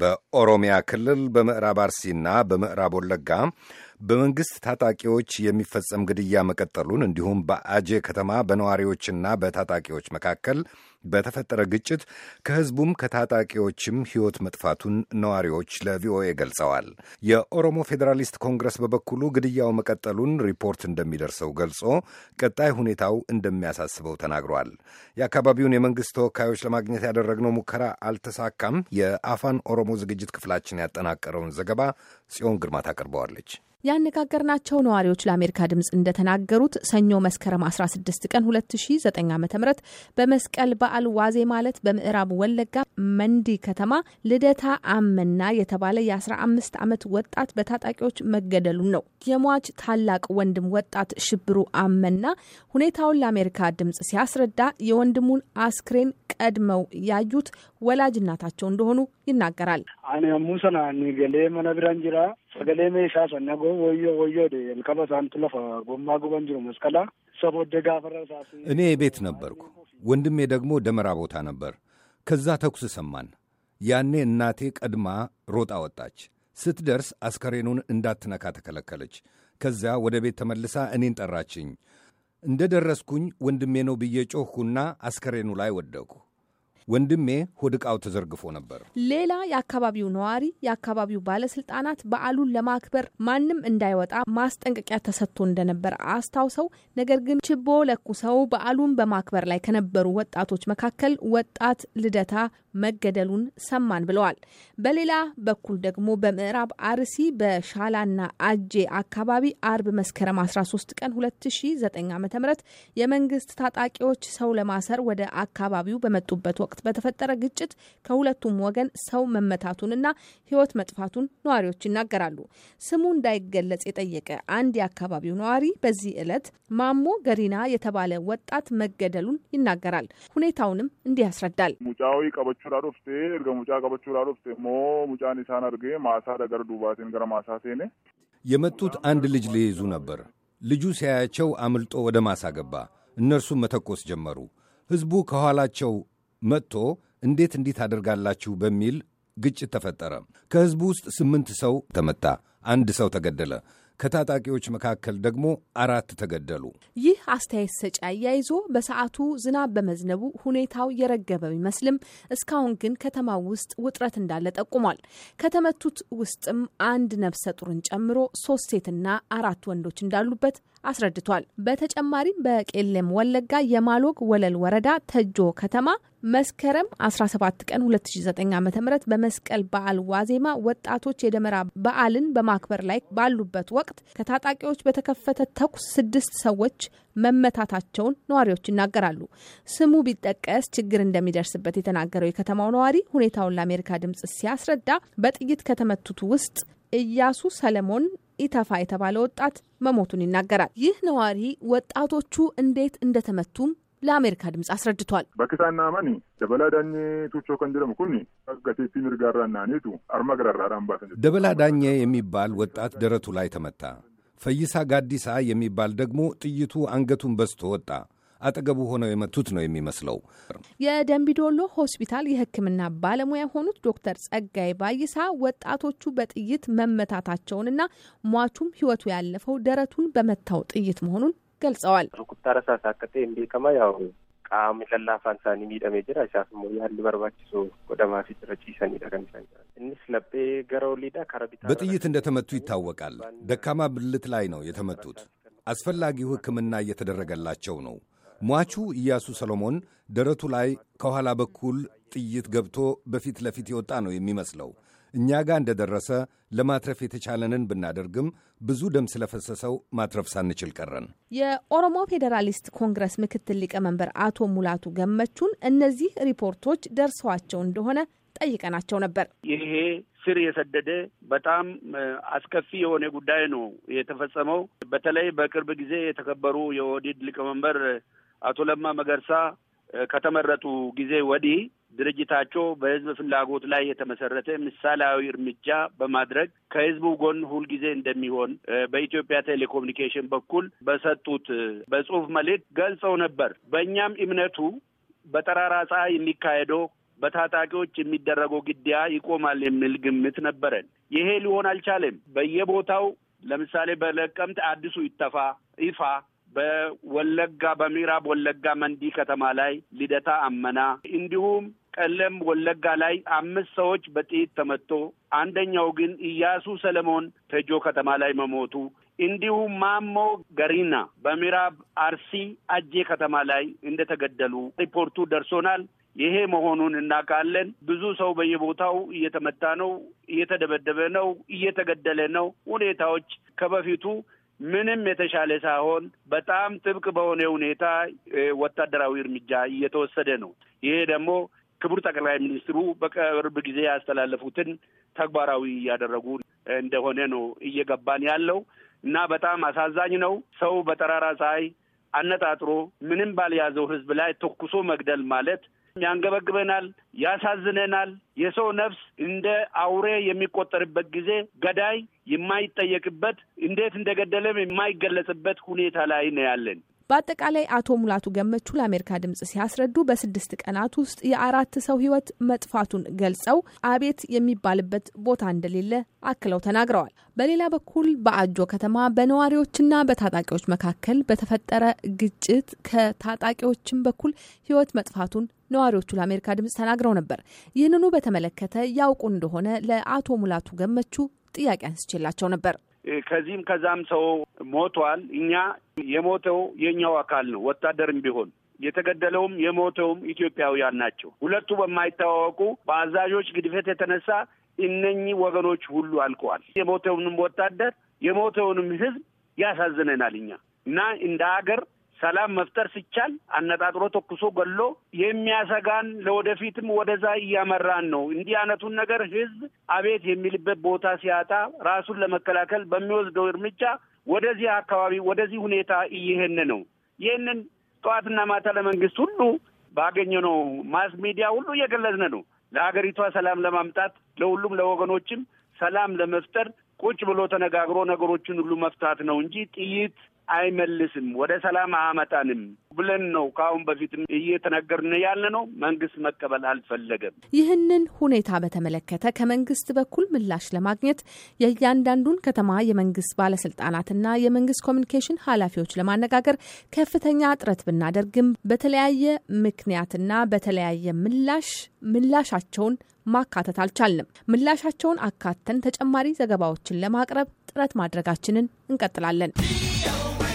በኦሮሚያ ክልል በምዕራብ አርሲና በምዕራብ ወለጋ በመንግስት ታጣቂዎች የሚፈጸም ግድያ መቀጠሉን እንዲሁም በአጄ ከተማ በነዋሪዎችና በታጣቂዎች መካከል በተፈጠረ ግጭት ከህዝቡም ከታጣቂዎችም ሕይወት መጥፋቱን ነዋሪዎች ለቪኦኤ ገልጸዋል። የኦሮሞ ፌዴራሊስት ኮንግረስ በበኩሉ ግድያው መቀጠሉን ሪፖርት እንደሚደርሰው ገልጾ ቀጣይ ሁኔታው እንደሚያሳስበው ተናግሯል። የአካባቢውን የመንግሥት ተወካዮች ለማግኘት ያደረግነው ሙከራ አልተሳካም። የአፋን ኦሮሞ ዝግጅት ክፍላችን ያጠናቀረውን ዘገባ ጽዮን ግርማ ታቀርበዋለች። ያነጋገርናቸው ነዋሪዎች ለአሜሪካ ድምፅ እንደተናገሩት ሰኞ መስከረም 16 ቀን 2009 ዓ ም በመስቀል በዓል ዋዜ ማለት በምዕራብ ወለጋ መንዲ ከተማ ልደታ አመና የተባለ የ15 ዓመት ወጣት በታጣቂዎች መገደሉን ነው። የሟች ታላቅ ወንድም ወጣት ሽብሩ አመና ሁኔታውን ለአሜሪካ ድምፅ ሲያስረዳ የወንድሙን አስክሬን ቀድመው ያዩት ወላጅ እናታቸው እንደሆኑ ይናገራል። እኔ ቤት ነበርኩ። ወንድሜ ደግሞ ደመራ ቦታ ነበር። ከዛ ተኩስ ሰማን። ያኔ እናቴ ቀድማ ሮጣ ወጣች። ስትደርስ አስከሬኑን እንዳትነካ ተከለከለች። ከዚያ ወደ ቤት ተመልሳ እኔን ጠራችኝ። እንደ ደረስኩኝ ወንድሜ ነው ብዬ ጮኽኩና አስከሬኑ ላይ ወደቅሁ። ወንድሜ ሆድቃው ተዘርግፎ ነበር። ሌላ የአካባቢው ነዋሪ የአካባቢው ባለስልጣናት በዓሉን ለማክበር ማንም እንዳይወጣ ማስጠንቀቂያ ተሰጥቶ እንደነበር አስታውሰው፣ ነገር ግን ችቦ ለኩሰው በዓሉን በማክበር ላይ ከነበሩ ወጣቶች መካከል ወጣት ልደታ መገደሉን ሰማን ብለዋል። በሌላ በኩል ደግሞ በምዕራብ አርሲ በሻላና አጄ አካባቢ አርብ መስከረም 13 ቀን 2009 ዓ ም የመንግስት ታጣቂዎች ሰው ለማሰር ወደ አካባቢው በመጡበት ወቅት ወቅት በተፈጠረ ግጭት ከሁለቱም ወገን ሰው መመታቱንና ሕይወት መጥፋቱን ነዋሪዎች ይናገራሉ። ስሙ እንዳይገለጽ የጠየቀ አንድ የአካባቢው ነዋሪ በዚህ ዕለት ማሞ ገሪና የተባለ ወጣት መገደሉን ይናገራል። ሁኔታውንም እንዲህ ያስረዳል። ሙጫዊ ቀበቹራ ዱፍቴ እርገ ሙጫ ቀበቹራ ዱፍቴ ሞ ሙጫን ኢሳን አድርጌ ማሳ ደገር ዱባቴን ገረ ማሳ ሴኔ የመጡት አንድ ልጅ ሊይዙ ነበር። ልጁ ሲያያቸው አምልጦ ወደ ማሳ ገባ። እነርሱም መተኮስ ጀመሩ። ሕዝቡ ከኋላቸው መጥቶ እንዴት እንዴት አደርጋላችሁ በሚል ግጭት ተፈጠረ። ከህዝቡ ውስጥ ስምንት ሰው ተመታ፣ አንድ ሰው ተገደለ። ከታጣቂዎች መካከል ደግሞ አራት ተገደሉ። ይህ አስተያየት ሰጪ አያይዞ በሰዓቱ ዝናብ በመዝነቡ ሁኔታው የረገበ ቢመስልም እስካሁን ግን ከተማው ውስጥ ውጥረት እንዳለ ጠቁሟል። ከተመቱት ውስጥም አንድ ነፍሰ ጡርን ጨምሮ ሶስት ሴትና አራት ወንዶች እንዳሉበት አስረድቷል። በተጨማሪም በቄሌም ወለጋ የማሎግ ወለል ወረዳ ተጆ ከተማ መስከረም 17 ቀን 2009 ዓ ም በመስቀል በዓል ዋዜማ ወጣቶች የደመራ በዓልን በማክበር ላይ ባሉበት ወቅት ከታጣቂዎች በተከፈተ ተኩስ ስድስት ሰዎች መመታታቸውን ነዋሪዎች ይናገራሉ። ስሙ ቢጠቀስ ችግር እንደሚደርስበት የተናገረው የከተማው ነዋሪ ሁኔታውን ለአሜሪካ ድምጽ ሲያስረዳ በጥይት ከተመቱት ውስጥ እያሱ ሰለሞን ኢተፋ የተባለ ወጣት መሞቱን ይናገራል። ይህ ነዋሪ ወጣቶቹ እንዴት እንደተመቱም ለአሜሪካ ድምፅ አስረድቷል። በክሳና ደበላ ደበላዳኜ ቱቾ ከንድረም ኩኒ ገቴቲ ሚርጋራ ናኔቱ አርማግራራ ራምባ ደበላ ዳኜ የሚባል ወጣት ደረቱ ላይ ተመታ። ፈይሳ ጋዲሳ የሚባል ደግሞ ጥይቱ አንገቱን በስቶ ወጣ። አጠገቡ ሆነው የመቱት ነው የሚመስለው። የደንቢዶሎ ሆስፒታል የሕክምና ባለሙያ የሆኑት ዶክተር ጸጋይ ባይሳ ወጣቶቹ በጥይት መመታታቸውንና ሟቹም ህይወቱ ያለፈው ደረቱን በመታው ጥይት መሆኑን ገልጸዋል። qaamni lallaafaan isaanii miidhamee jira. Isaaf immoo yaalli barbaachisu godhamaa fi jira ciisanidha kan እንስ jiran. ገረው ሊዳ gara በጥይት እንደተመቱ ይታወቃል። ደካማ ብልት ላይ ነው የተመቱት። አስፈላጊው ህክምና እየተደረገላቸው ነው። ሟቹ ኢያሱ ሰሎሞን ደረቱ ላይ ከኋላ በኩል ጥይት ገብቶ በፊት ለፊት የወጣ ነው የሚመስለው። እኛ ጋር እንደደረሰ ለማትረፍ የተቻለንን ብናደርግም ብዙ ደም ስለፈሰሰው ማትረፍ ሳንችል ቀረን። የኦሮሞ ፌዴራሊስት ኮንግረስ ምክትል ሊቀመንበር አቶ ሙላቱ ገመቹን እነዚህ ሪፖርቶች ደርሰዋቸው እንደሆነ ጠይቀናቸው ነበር። ይሄ ስር የሰደደ በጣም አስከፊ የሆነ ጉዳይ ነው የተፈጸመው። በተለይ በቅርብ ጊዜ የተከበሩ የኦህዴድ ሊቀመንበር አቶ ለማ መገርሳ ከተመረጡ ጊዜ ወዲህ ድርጅታቸው በህዝብ ፍላጎት ላይ የተመሰረተ ምሳሌያዊ እርምጃ በማድረግ ከህዝቡ ጎን ሁልጊዜ እንደሚሆን በኢትዮጵያ ቴሌኮሙኒኬሽን በኩል በሰጡት በጽሁፍ መልእክት ገልጸው ነበር። በእኛም እምነቱ በጠራራ ፀሐይ የሚካሄደው በታጣቂዎች የሚደረገው ግድያ ይቆማል የሚል ግምት ነበረን። ይሄ ሊሆን አልቻለም። በየቦታው ለምሳሌ በለቀምት አዲሱ ይተፋ ይፋ በወለጋ በምዕራብ ወለጋ መንዲ ከተማ ላይ ልደታ አመና እንዲሁም ቀለም ወለጋ ላይ አምስት ሰዎች በጥይት ተመቶ አንደኛው ግን ኢያሱ ሰለሞን ተጆ ከተማ ላይ መሞቱ እንዲሁም ማሞ ገሪና በምዕራብ አርሲ አጄ ከተማ ላይ እንደተገደሉ ሪፖርቱ ደርሶናል። ይሄ መሆኑን እናውቃለን። ብዙ ሰው በየቦታው እየተመታ ነው፣ እየተደበደበ ነው፣ እየተገደለ ነው። ሁኔታዎች ከበፊቱ ምንም የተሻለ ሳይሆን በጣም ጥብቅ በሆነ ሁኔታ ወታደራዊ እርምጃ እየተወሰደ ነው። ይሄ ደግሞ ክቡር ጠቅላይ ሚኒስትሩ በቅርብ ጊዜ ያስተላለፉትን ተግባራዊ እያደረጉ እንደሆነ ነው እየገባን ያለው እና በጣም አሳዛኝ ነው። ሰው በጠራራ ፀሐይ አነጣጥሮ ምንም ባልያዘው ሕዝብ ላይ ተኩሶ መግደል ማለት ያንገበግበናል፣ ያሳዝነናል። የሰው ነፍስ እንደ አውሬ የሚቆጠርበት ጊዜ ገዳይ የማይጠየቅበት እንዴት እንደገደለም የማይገለጽበት ሁኔታ ላይ ነው ያለን። በአጠቃላይ አቶ ሙላቱ ገመቹ ለአሜሪካ ድምጽ ሲያስረዱ በስድስት ቀናት ውስጥ የአራት ሰው ሕይወት መጥፋቱን ገልጸው አቤት የሚባልበት ቦታ እንደሌለ አክለው ተናግረዋል። በሌላ በኩል በአጆ ከተማ በነዋሪዎችና በታጣቂዎች መካከል በተፈጠረ ግጭት ከታጣቂዎችም በኩል ሕይወት መጥፋቱን ነዋሪዎቹ ለአሜሪካ ድምፅ ተናግረው ነበር። ይህንኑ በተመለከተ ያውቁ እንደሆነ ለአቶ ሙላቱ ገመቹ ጥያቄ አንስቼላቸው ነበር። ከዚህም ከዛም ሰው ሞቷል። እኛ የሞተው የእኛው አካል ነው፣ ወታደርም ቢሆን የተገደለውም የሞተውም ኢትዮጵያውያን ናቸው። ሁለቱ በማይታወቁ በአዛዦች ግድፈት የተነሳ እነኚህ ወገኖች ሁሉ አልቀዋል። የሞተውንም ወታደር የሞተውንም ሕዝብ ያሳዝነናል እኛ እና እንደ ሀገር ሰላም መፍጠር ሲቻል አነጣጥሮ ተኩሶ ገሎ የሚያሰጋን ለወደፊትም ወደዛ እያመራን ነው። እንዲህ አይነቱን ነገር ህዝብ አቤት የሚልበት ቦታ ሲያጣ ራሱን ለመከላከል በሚወስደው እርምጃ ወደዚህ አካባቢ ወደዚህ ሁኔታ እየሄን ነው። ይህንን ጠዋትና ማታ ለመንግስት ሁሉ ባገኘ ነው ማስ ሚዲያ ሁሉ እየገለጽን ነው። ለሀገሪቷ ሰላም ለማምጣት ለሁሉም ለወገኖችም ሰላም ለመፍጠር ቁጭ ብሎ ተነጋግሮ ነገሮችን ሁሉ መፍታት ነው እንጂ ጥይት አይመልስም፣ ወደ ሰላም አያመጣንም ብለን ነው ከአሁን በፊትም እየተነገርን ያለ ነው። መንግስት መቀበል አልፈለገም። ይህንን ሁኔታ በተመለከተ ከመንግስት በኩል ምላሽ ለማግኘት የእያንዳንዱን ከተማ የመንግስት ባለስልጣናትና የመንግስት ኮሚኒኬሽን ኃላፊዎች ለማነጋገር ከፍተኛ ጥረት ብናደርግም በተለያየ ምክንያትና በተለያየ ምላሽ ምላሻቸውን ማካተት አልቻልንም። ምላሻቸውን አካተን ተጨማሪ ዘገባዎችን ለማቅረብ ጥረት ማድረጋችንን እንቀጥላለን። show.